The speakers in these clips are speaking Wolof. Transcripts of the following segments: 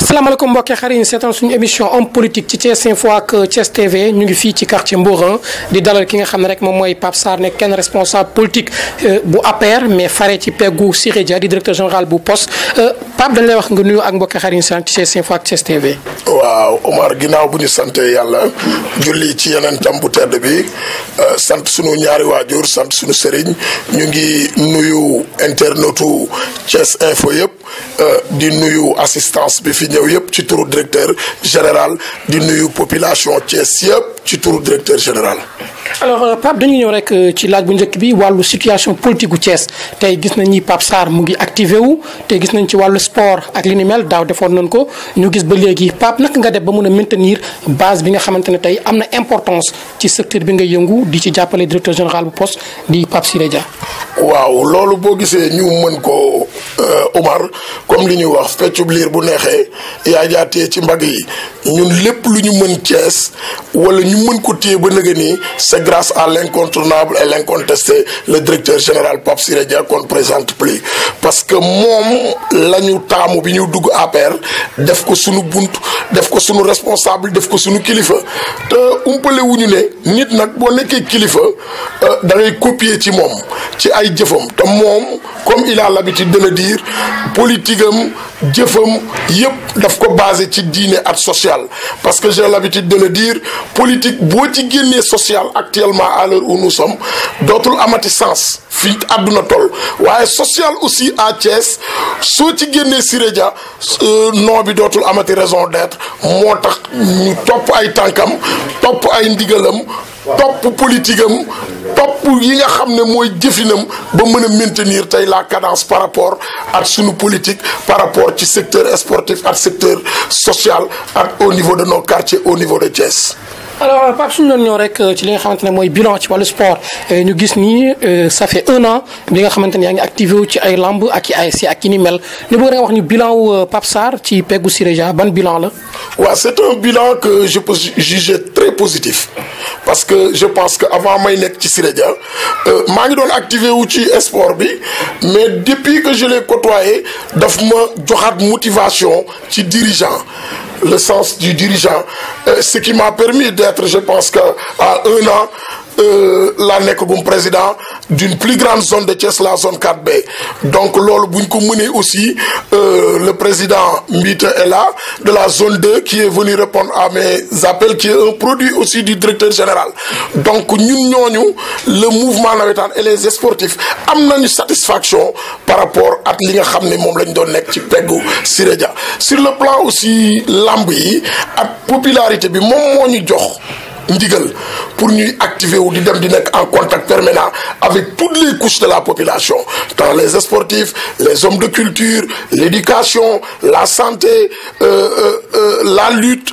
asalaamaaleykum mbokki xarit yi seetaan suñu émission homme politique ci Thiès Info ak Thiès TV ñu ngi fii ci quartier Mbour di dalal ki nga xam ne rek moom mooy Pape Sarr ne kenn responsable politique euh, bu APR mais fare ci peggu Siré Dia di directeur général bu poste euh, Pape dañ lay wax nga nuyu ak mbokki xarit yi ci Thiès Info ak Thiès TV. waaw Omar ginnaaw bu ñu sante yàlla julli ci yeneen jàmbu tedd bi euh, sant suñu ñaari waajur sant suñu sëriñ ñu ngi nuyu internetu Thiès Info yëpp di nuyu assistance bi fi fi ñëw yëpp ci turu directeur général di nuyu population Thiès yëpp ci turu directeur général. alors euh, Pape dañu ñëw rek euh, ci laaj bu njëkk bi wàllu situation politique gu Thiès tey gis nañ ni Pape Sarr mu ngi activer wu te gis nañ ci wàllu sport ak li ni daaw defoon nañ ko ñu gis ba léegi Pape naka nga def ba mën a maintenir base bi nga xamante ne tey am na importance ci secteur bi nga yëngu di ci jàppale directeur général bu poste di Pape Siré Dia. waaw loolu boo gisee ñu mën ko euh, Omar comme li ñuy wax feccub liir bu neexee yaa jaatee ci mbag yi ñun lépp lu ñu mën Cees wala ñu mën ko téye ba nëgë nii c'est grâce à l'incontournable et l'incontesté le directeur général Pape Siré Dia qu'on présente plus parce que moom la ñu taamu bi ñu dugg APR def ko sunu bunt def ko sunu responsable def ko sunu kilifa te umpale wuñu ne nit nag boo nekkee kilifa euh, da ngay copier ci moom ci ay ay jëfam te moom comme il a l'habitude de le dire jëfam yëpp daf ko basé ci diine ak sociale parce que j'ai l'habitude de le politique boo ci génnee social actuellement à l'heure où dootul amati sens fi àdduna toll waaye social aussi à Thiès soo ci génnee Siré Dia euh, non bi dootul amati raison d'être moo tax ñu topp ay tànkam topp ay ndigalam topp politique am topp yi nga xam ne mooy jëfinam ba mën a maintenir tey la cadence par rapport ak sunu politique par rapport ci secteur sportif ak secteur social ak au niveau de nos quartiers au niveau de Thiès. alors euh, Pape suñu ñoo rek euh, ci li nga xamante ne mooy bilan ci wàllu sport euh, ñu gis nii ça fait un an bi nga xamante ne yaa ngi activé wu ci ay lamb ak i ay ASC ak i ni mel ñu bëgg wax ni bilan wu Pape ci peggu Siréja ban bilan la. c'est un bilan que je peux très positif parce que je pense qu'avant, avant may nekk ci Sirédia Je activé l'outil sport mais depuis que je l'ai côtoyé daf ma de motivation ci dirigeant le sens du dirigeant euh, ce qui m'a permis d'être je pense qu'à à un an euh, nek bon président d'une plus grande zone de Thiès la zone 4B donc loolu bu aussi euh, le président Mbite est là de la zone 2 qui est venu répondre à mes appels qui est un produit aussi du directeur général donc nous, nous, le mouvement et les sportifs amenant une satisfaction par rapport à ce que nous avons fait lañ doon sur le plan aussi l'ambi, la popularité bi moom moo pour nous activer au leader en contact permanent avec toutes les couches de la population dans les sportifs les hommes de culture l'éducation la santé euh, euh, euh, la lutte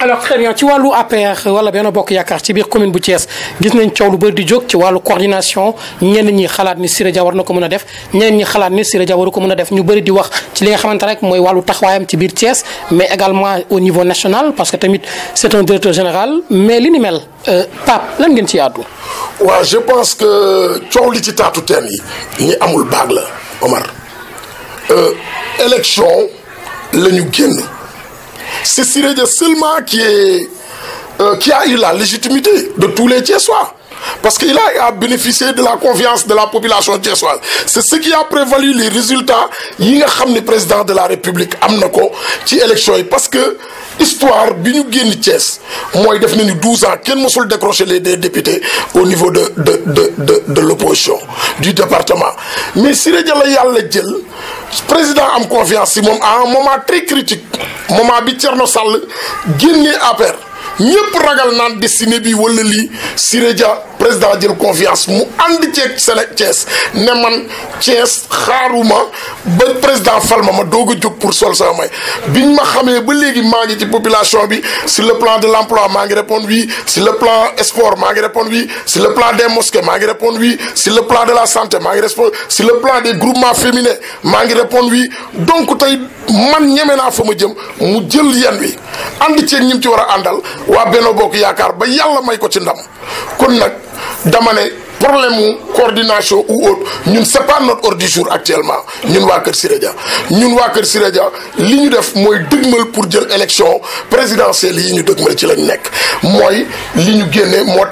alors très bien ci wàllu APR wala benn bokk yaakaar ci biir commune bu Thiès gis nañ coow lu bëri di jóg ci wàllu coordination ñenn ñi xalaat ni Siré Dia war na ko mën a def ñeneen ñi xalaat ni Siré Dia waru ko mën a def ñu bëri di wax ci li nga xamante rek mooy wàllu taxawaayam ci biir Thiès mais également au niveau national parce que tamit c'est un directeur général mais li ni mel euh, Pape lan ngeen ci àddu. je pense que coow li ci taatu teen yi. ñi amul baag la Omar. Euh, élection la ñu génn. C'est de seulement qui, est, euh, qui a eu la légitimité de tous les Thiessois. Parce qu'il a, a, bénéficié de la confiance de la population thiessoise. C'est ce qui a prévalu les résultats yi nga président de la république Amnoko, qui ko élection parce que histoire si ñu a Thiès def na 12 ans kenn mosul décrocher les députés au niveau de de de de l'opposition du département mais Siré Dia la président am confiance si moom à un moment très critique moment bi Thierno Sall génnee APR ñëpp ragal nan destiné bi wala li Siré Dia président jël confiance mu and ceeg sele Thiès né man Thiès xaruma ba président fal ma ma doog pour sol sama may biñ ma xamé ba légui maa ci population bi sur le plan de l'emploi ma ngi répondre oui sur le plan sport ma ngi répondre oui sur le plan des mosquées ma ngi répondre oui sur le plan de la santé ma ngi répondre sur le plan des groupements féminins ma ngi répondre oui donc man ñeme naa fa ma jëm mu jël yan wi ànd ceeg ñi ci war a àndal waa Benno Bokk Yaakaar ba yàlla may ko ci ndam kon nag dama ne. problème mu coordination ou autre ñun c'est pas notre ordre du jour actuellement ñun waa Kër Siré Dia ñun waa Kër Siré Dia nous ñu def mooy dëgmal pour jël élection présidentielle yi ñu dëgmal ci lañ nekk mooy li ñu génne moo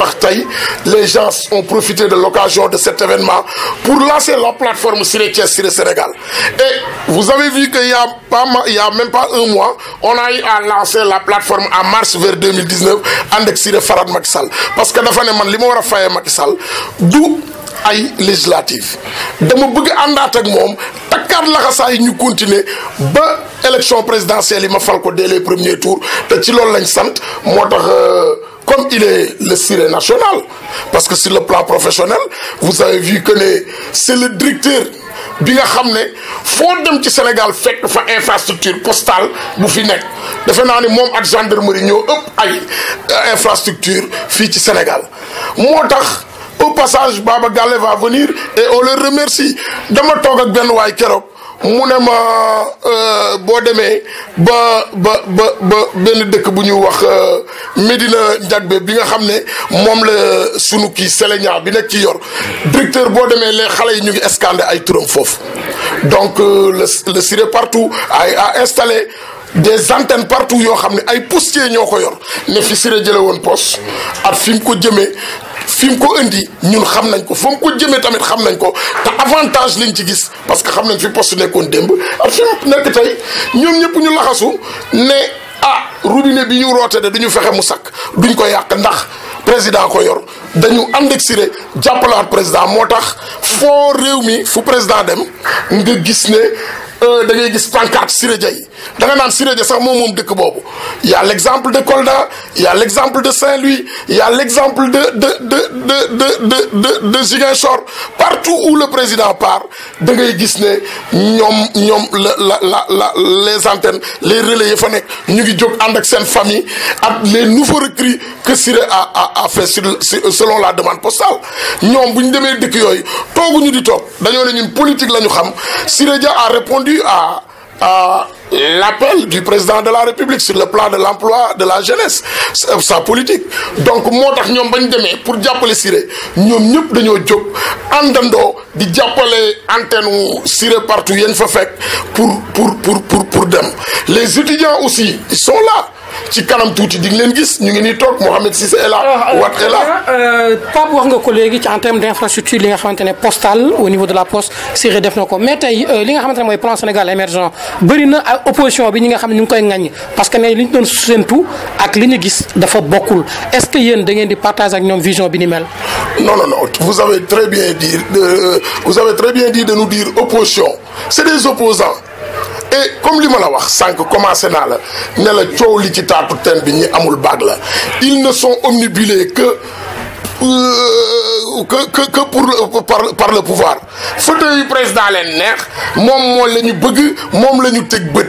les gens ont profité de l'occasion de cet événement pour lancer la plateforme Siré Thiès Siré Sénégal et vous avez vu qu'il y a pas il y a même pas un mois on a eu à lancer la plateforme en mars vers 2019 avec Sire Siré Farad Macky Sall parce que dafa ne man li ma war a Macky Sall du ay législative Je bëgg àndaat ak moom continuer élection présidentielle Il ma fal ko dès le premier tour te ci loolu lañ euh, comme il est le siré national parce que sur le plan professionnel vous avez vu que c'est le directeur bi nga xamné ne dem ci Sénégal fekk fa infrastructure postale bu fi nek dafa nani mom ak gendarmerie ñoo ëpp ay euh, infrastructure fi ci Sénégal motax au passage Baba Galé va venir et on le remercie dama toog ak ben way kérok mu euh bo démé ba ba ba ben benn dëkk bu ñu wax euh, Medina Ndiagbé bi nga xamné mom moom la sunu ki Séléña bi nek ci yor directeur bo démé les xalé ñu ngi escandé ay turum foofu donc euh, le le siré partout ay a installé des antennes partout yo xamné ay postier ñoko yor ne fi siré jële won poste at fim ko jëmé fi mu ko indi ñun xam nañ ko foo mu ko jëmee tamit xam nañ ko te avantage lañ ci gis parce que xam nañ fi poste nekkoon démb ak fi mu nekk tey ñoom ñëpp ñu laxasu ne ah robinet bi ñu roote de duñu fexe mu sakk duñ ko yàq ndax président ko yor dañu ànd ak Siré jàppalaat président moo tax foo réew mi fu président dem nga gis ne Euh, da ngay gis pancarte Siré yi da nga naan Siré Dia sax moom moom dëkk boobu y a l'exemple de Kolda y a l'exemple de Saint-Louis y a l'exemple de de de de de de de de Ziguinchor partout où le président part da ngay gis ne ñoom ñoom la la la la les antennes les relais yi fa nekk ñu ngi jóg ànd ak seen famille ak les nouveaux recrues que Siré a a fait sur selon la demande postale ñoom bu ñu demee dëkk yooyu tooguñu di toog dañoo ne ñun politique la ñu xam Siré a répondu répondu à, à l'appel du président de la République sur le plan de l'emploi de la jeunesse sa politique donc nous sommes ñoom bañ demee pour nous Siré ñoom ñëpp dañoo jóg àndandoo di jàppale antenne Siré partout yeen fa fek pour pour pour pour pour dem les étudiants aussi ils sont là ci kanam touti di leen gis ñu ngi ni tok mohamed Cissé est là euh, Wade est là. Euh, Pape wax nga ko léegi ci en terme d'infrastructure li nga xamantene ne postal au niveau de la poste Siré def na mais tay euh, li nga xamantene moy plan Sénégal émergent bari na opposition bi ñi nga xam ne ñu koy ŋaññi parce que né liñ ñu doon sentu ak liñu gis dafa bokul est ce que yéen da ngeen di partager ak ñom vision bi ni mel. non non non vous avez très bien dit de, vous avez très bien dit de nous dire opposition c'est des opposants et eh, comme li ma sans wax sànq commencé naa la ne la coow li ci taatu ten bi ñi amul ils ne sont omnibulés que euh, que que que pour par le pouvoir fauteuil le président leen neex moom moo le ñu bëgg moom la ñu teg bët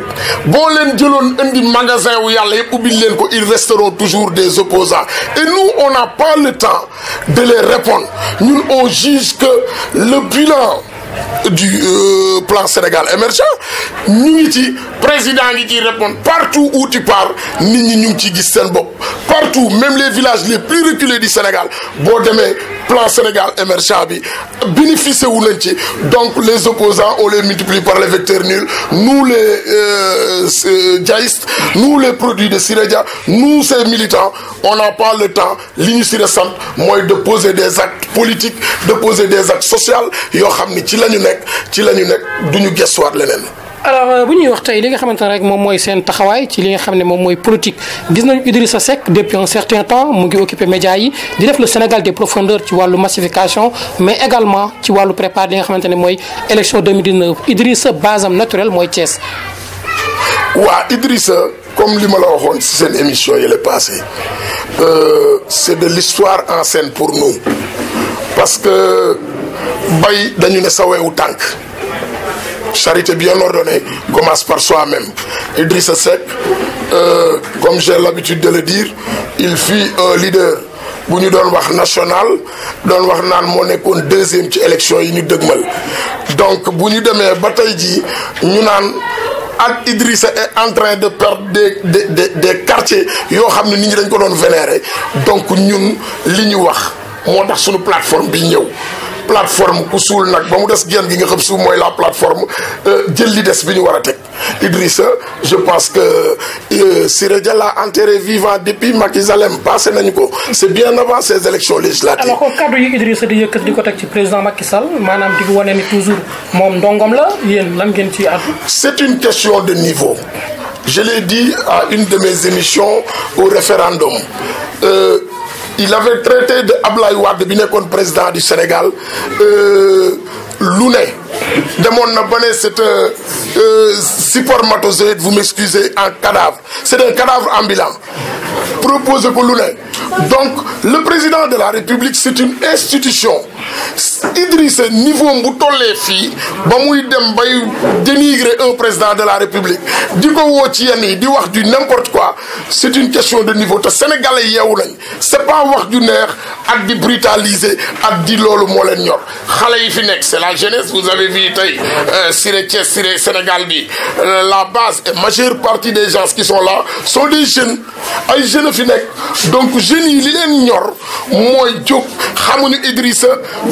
leen indi magasin où ils yëpp ubbil leen ils resteront toujours des opposants et nous on n'a pas le temps de les répondre Nous, on juge que le bilan du euh, plan Sénégal émergent le président répond partout où tu pars partout même les villages les plus reculés du Sénégal bon, plan Sénégal et bénéficie ou wu donc les opposants on les multiplie par les vecteurs nuls nous les euh, euh, jaïstes, nous les produits de Sirédia nous ces militants on n'a pas le temps L'initiative récente, de poser des actes politiques de poser des actes sociaux et alors euh, bu ñuy wax tey li nga xamante rek moom mooy seen taxawaay ci li nga xam ne moom mooy politique gis nañu Idrissa Seck depuis un certain temps mu ngi occupé média yi di def le Sénégal des profondeurs ci wàllu massification mais également ci wàllu prépare li nga xamante ne mooy élection 2019 Idrissa base am naturel mooy Thiès. waa Idrissa comme li ma la waxoon si seen émission yi est passé euh, c'est de l'histoire en scène pour nous parce que bay dañu ne sawewu tànk Charité bien ordonnée commence par soi-même. Idrissa Seck, euh, comme j'ai l'habitude de le dire, il fut un leader bu ñu doon wax national doon wax naan moo deuxième élection yi ñu donc bu ñu demee ba tey ñu Idrissa est en train de perdre des des des quartiers yoo xam ne dañ ko donc nous li ñu wax moo tax suñu plateforme plateforme ku nak bamou dess mu genn gi nga xam sou moy la plateforme euh, jël li dess biñu wara tek Idrissa je pense que euh, Siré l'a enterré vivant depuis Macky Sall passé nañu ko C'est bien avant ces élections législatives. alors que cadre yi Idrissa di yeuk di ko teg ci président Macky Sall maanaam di ko ni toujours mom ndongom la yeen lan ngeen ci àddu. c'est une question de niveau. je l'ai dit à une de mes émissions au référendum. Euh, il avait traité de Ablaye Ouad, président du Sénégal euh, Louné. ne à na c'est un euh, vous m'excusez un cadavre c'est un cadavre ambulant Proposez pour Louné donc le président de la république c'est une institution Idriss niveau bu les filles, ba un président de la république Du ko du n'importe quoi c'est une question de niveau te sénégalais c'est pas wax du nerf ak di brutaliser ak di c'est la jeunesse vous avez vu sur euh, Siré Thiès Sénégal euh, la base et majeure partie des gens qui sont là sont des jeunes ay jeunes fi donc jeunes nit ñi li leen ñor mooy jóg xamuñu Idrissa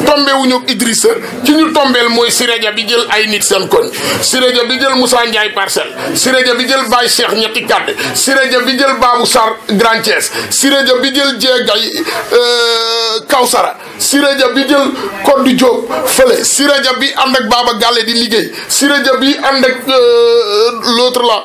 tombewuñu ak Idrissa ci ñu tombeel mooy Sirédia bi jël ay nit seen koñ Sirédia bi jël Moussa Ndiaye parcelle Sirédia bi jël Baye Cheikh ñetti kàdd Sirédia bi jël baabu Sarr Grand Thiès Sirédia bi jël Diegay euh, Kawsara Sirédia bi jël Codou Diop fële Sirédia bi ànd ak baaba Galle di liggéey Sirédia bi ànd ak euh, l'autre la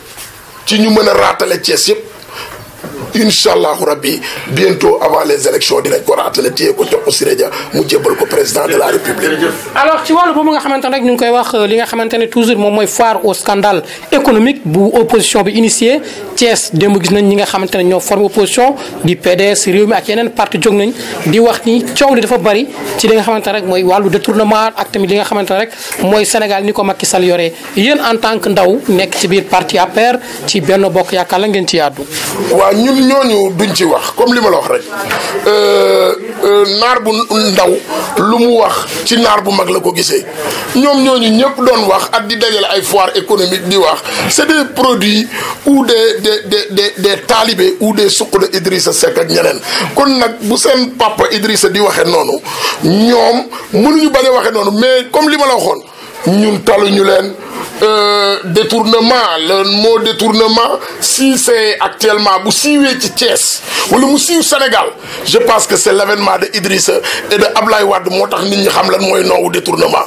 ci ñu mën a ratale Thiès yëpp inshallah rabbi bientôt avant les élections dinañ ko raatale téye ko jox ko sirédia mu jébal ko président de la république. alors ci wàllu boobu nga xamantene rek ñu koy wax euh, li nga xamantene toujours mom moy phare au scandale économique bu opposition bi initié ties dembu gis nañ ñi nga xamantene ño ñoo forme opposition di PDS réew mi ak yenen parti jog nañ di wax ni ciow li dafa bari ci li nga xamantene rek moy walu détournement ak tamit li nga xamantene rek moy Sénégal ni ko Macky Sall yoré yeen en tant que ndaw nek ci biir parti APR ci benn bokk yaakaar la ngeen ci yaddu wa ñun ñooñu duñ ci wax comme li ma la wax rek euh, euh, naar bu ndaw lu mu wax ci naar bu mag la ko gisee ñoom ñooñu ñëpp doon wax ak di dajale ay foire économique di wax c'est des produits ou de de de des des talibés ou des suqala Idrissa Seck ak ñeneen kon nag bu seen papa Idrissa di waxe noonu ñoom mënuñu bañ a waxe noonu mais comme li ma la waxoon ñun taluñu leen euh, détournement le mot détournement si c'est actuellement bu siiwee ci Thiès wala mu siiw Sénégal je pense que c'est l'avènement de Idrissa et de Ablaye Wade moo tax nit ñi xam lan mooy noowu détournement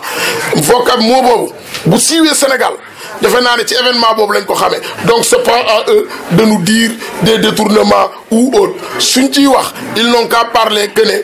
vocable moo boobu bu siiwee Sénégal defe naa ci événement boobu lañ ko xamee donc c'est pas à eux de nous dire des détournements ou autre suñ ci wax ils n'ont qu'à parler que ne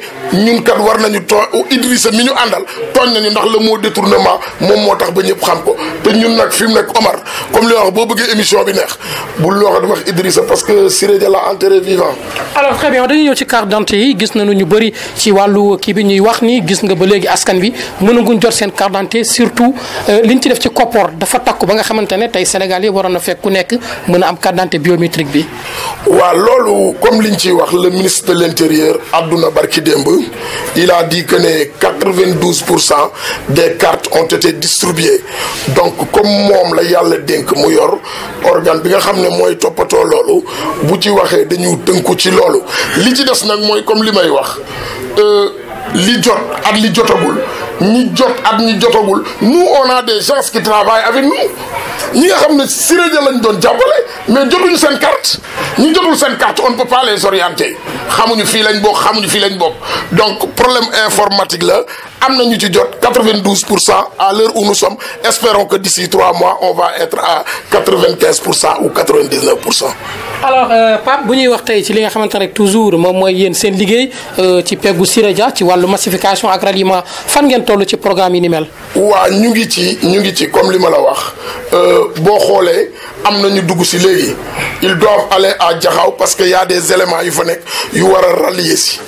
ñun kat war nañu to Idrissa mi ñu àndal tooñ nañu ndax le mot détournement moom moo tax ba ñëpp xam ko te ñun nag fi mu Omar comme li wax boo bëggee émission bi neex bul loo xam wax Idrissa parce que Siré de l'a enterré vivant. alors très bien dañuy ñëw ci carte d'identité yi gis nañu ñu bëri ci wàllu kii bi ñuy wax ni gis nga ba léegi askan bi mënaguñ jot seen carte d'identité surtout euh, liñ ci def ci koppoor dafa takku ba xamante ne tey Sénégal yi waroon na fekk ku nekk mën a am carte biométrique bi. waaw loolu comme liñ ciy wax le ministre de l'intérieur intérieur àdduna barki démb il a dit que ne 92 des cartes ont été distribuées donc comme moom la yàlla dénk mu yor organe bi nga xam ne mooy toppatoo loolu bu ci waxee dañu tënku ci loolu li ci des nag mooy comme li may wax euh, li jot at li jotagul ni jot ak ni jotagul nous on a des gens qui travaillent avec nous ñi nga xam ne Sirédia lañ doon jàppale mais jotuñu sen carte ñi jotul sen carte on peut pas les orienter xamuñu fi lañ bok xamuñu fi lañ bok donc problème informatique la amna ñu ci jot 92 à l'heure où nous sommes espérons que d'ici 3 mois on va être à 95 ou 99 pour cent. alors euh, Pape bu ñuy wax tay ci li nga xamante rek toujours moy yeen sen seen euh, ci peggu Sirédia ci walu massification ak ralliement fan ngeen toll ci programme yi ni mel. ñu ngi ci ñu ngi ci comme li ma la wax euh, boo xoolee am na ñu ils doivent aller à Diakhao parce que y a des éléments yu fa nekk yu war a rallier si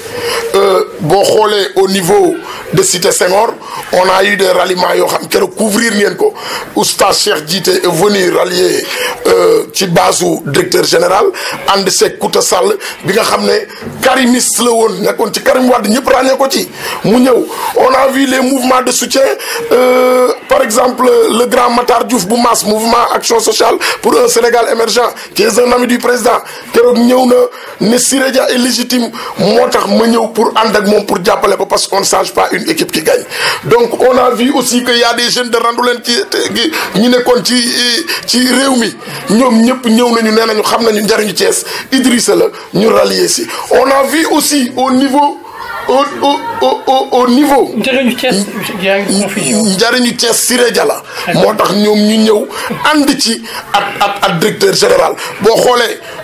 euh, boo xoolee au niveau de Cité Senghor on a eu des ralliements yoo xam keroog couvrir ngeen ko oustad Cheikh jiite est venu rallier euh, ci base directeur général ànd seeg Kouta Sall bi nga xam ne karimiste la woon nekkoon ci Karim Wade ñëpp ràññee ko ci mu ñëw on a vu les mouvement de soutien euh, par exemple le grand Matar Diouf mouvement action sociale pour un Sénégal émergent qui est un ami du président qui ne Siré déjà est légitime moo pour un pour jàppale parce qu'on ne change pas une équipe qui gagne donc on a vu aussi qu'il y a des jeunes de Randoulen qui ñu nekkoon ci ci réew mi ñoom ñëpp nañu nee est xam nañu Thiès Idrissa la ñu rallier si on a vu aussi au niveau au au au o niveau. njëriñu Thiès yaa ngi confusion. njëriñu Thiès moo tax ñoom ñu ñëw ànd ci at at at directeur général boo xoolee.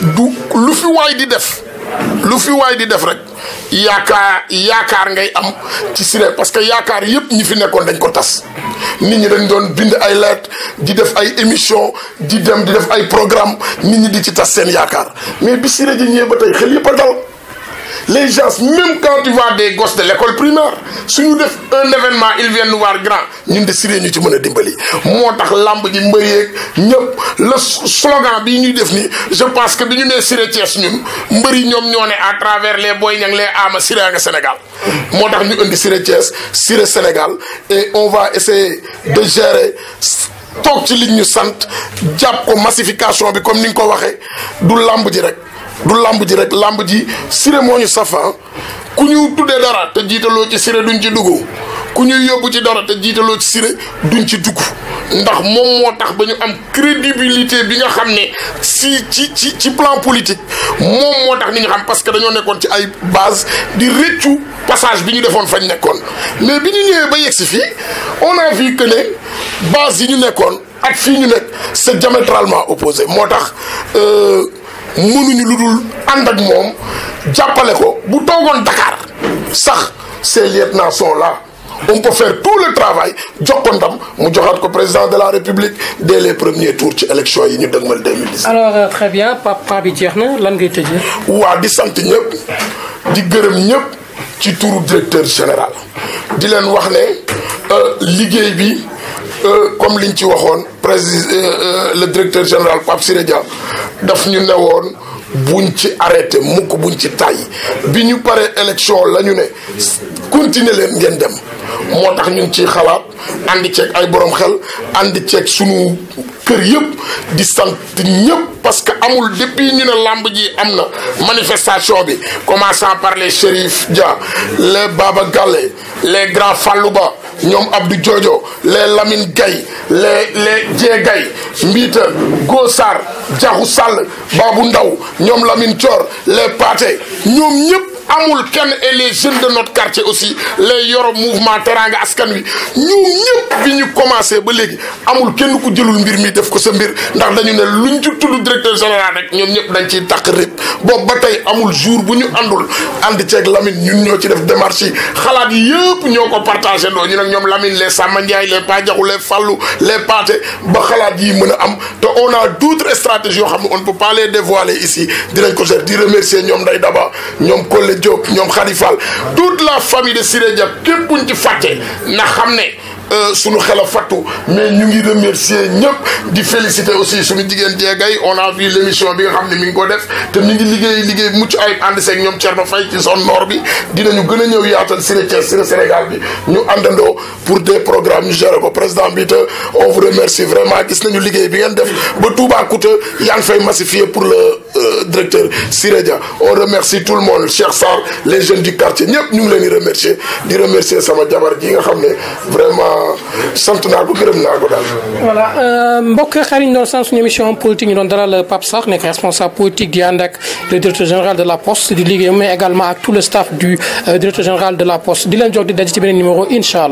du lu fi waay di def lu fi waay di def rek yaakaar yaakaar ngay am ci Siré parce que yaakaar yëpp ñi fi nekkoon dañ ko tas nit ñi dañ doon bind ay lettre di def ay émission di dem di def ay programme nit ñi di ci tas seen yaakaar mais bi Siré ji ñëwee ba tey xel yëpp a dal les gens même quand tu vois des gosses de l'école primaire si nous def un événement ils viennent nous voir grand nous, de sirée ñu ci mën a dimbali moo tax làmb ji mbër le slogan bi ñuy def je pense que bi ñu les siré Thiès ñun mbër yi ñoom à travers les boys Niang les ama siré nga Sénégal moo tax ñu indi siré Thiès siré Sénégal et on va essayer de gérer toog ci liñ ñu sant jàpp la massification bi comme ni l'avons ko waxee du làmb ji du lamb ji rek lamb ji siré moo ñu ku ñu tuddee dara te jiitaloo ci siré duñ ci duggu ku ñuy ci dara te jiitaloo ci siré duñ ci duggu ndax mom moo tax ba am crédibilité bi nga xamné si ci ci ci plan politique mom moo tax ni nga xam parce que dañu nekkoon ci ay base di réccu passage bi ñu defoon fañ nekkoon mais bi ñu ñëwee ba yex fii on a vu que né base yi ñu nekkoon ak fii ñu c'est diamétralement opposé motax euh mënuñu lu dul ànd ak moom jàppale ko bu toogoon Dakar sax ces lieutenants sont là on peut faire tout le travail jox ko ndam mu joxaat ko président de la république dès les premiers tours ci élection yi ñu dëgmal 2010. alors euh, très bien papa bi jeex na lan ngay tëjee. waa di sant ñëpp di gërëm ñëpp ci turu directeur général di leen wax ne euh, liggéey bi. comme liñ ci waxoon président euh, euh, le directeur général Pape Siré Dia daf ñu newoon buñ ci arrêté mukk buñ ci tàyyi bi ñu paree élection la ñu ne continuer leen ngeen dem moo tax ñu ngi ciy xalaat ànd ceeg ay borom xel ànd ceeg sunu kër yëpp di sant ñëpp parce que amul depuis ñu ne ji amna manifestation bi commençant par les shérifs Dia les Baba Galle les grands Fallouba ñom Abdou Jojo les Lamine Gay les les Dieng Gaye Mbiita Gosar Diakhou Sall babu Ndaw ñom Lamine Thior les Paté ñom ñep amul kenn et les jeunes de notre quartier aussi les yoro mouvement teranga askan wi ñun ñëpp bi ñu commencé ba léegi amul kenn ku jëlul mbir mi def ko sa mbir ndax dañu ne luñ ci tudd directeur général rek ñoom ñëpp dañ ci tàq rép boobu ba tey amul jour bu ñu àndul ànd ceeg Lamine ñun ñoo ci def démarche xalaat yi yëpp ñoo ko partagé doo ñu nag ñoom Lamine les Samba Ndiaye les Pa Diakhou les Fallou les ba xalaat yi mën a am te on a d'autres stratégies yoo xam ne on ne peut pas les dévoiler ici dinañ ko di remercier ñoom Ndeye Daba ñoom toute la famille de Syrie que euh, suñu xel a mais ñu ngi remercier ñep di féliciter aussi sunu jigéen jeegay on a vu l'émission bi nga xam mi ngi ko def te mi ngi liggéey liggéey bu mucc ayib ànd seeg ñoom Thierno Faye ci son nord bi dinañu gën a ñëw yaatal Siré Thiès Siré Sénégal bi ñu andando pour des programmes ñu géré ko président bi te on vous remercie vraiment gis nañu liggéey bi ngeen def ba Toubacouta yaa ngi fay massifier pour le euh, directeur Siré on remercie tout le monde cher Sarr les jeunes du quartier ñep ñu ngi leen di remercier di remercier sama jabar gi nga xamné vraiment sant naa ko gërëm naa ko daal. voilà euh, mbokk xarit ñu doon sant suñu émission politique ñu doon le Pape Sax nekk responsable politique di ànd le directeur général de la Poste di liggéey mais également ak tout le staff du euh, directeur général de la Poste di leen jox di daje ci numéro incha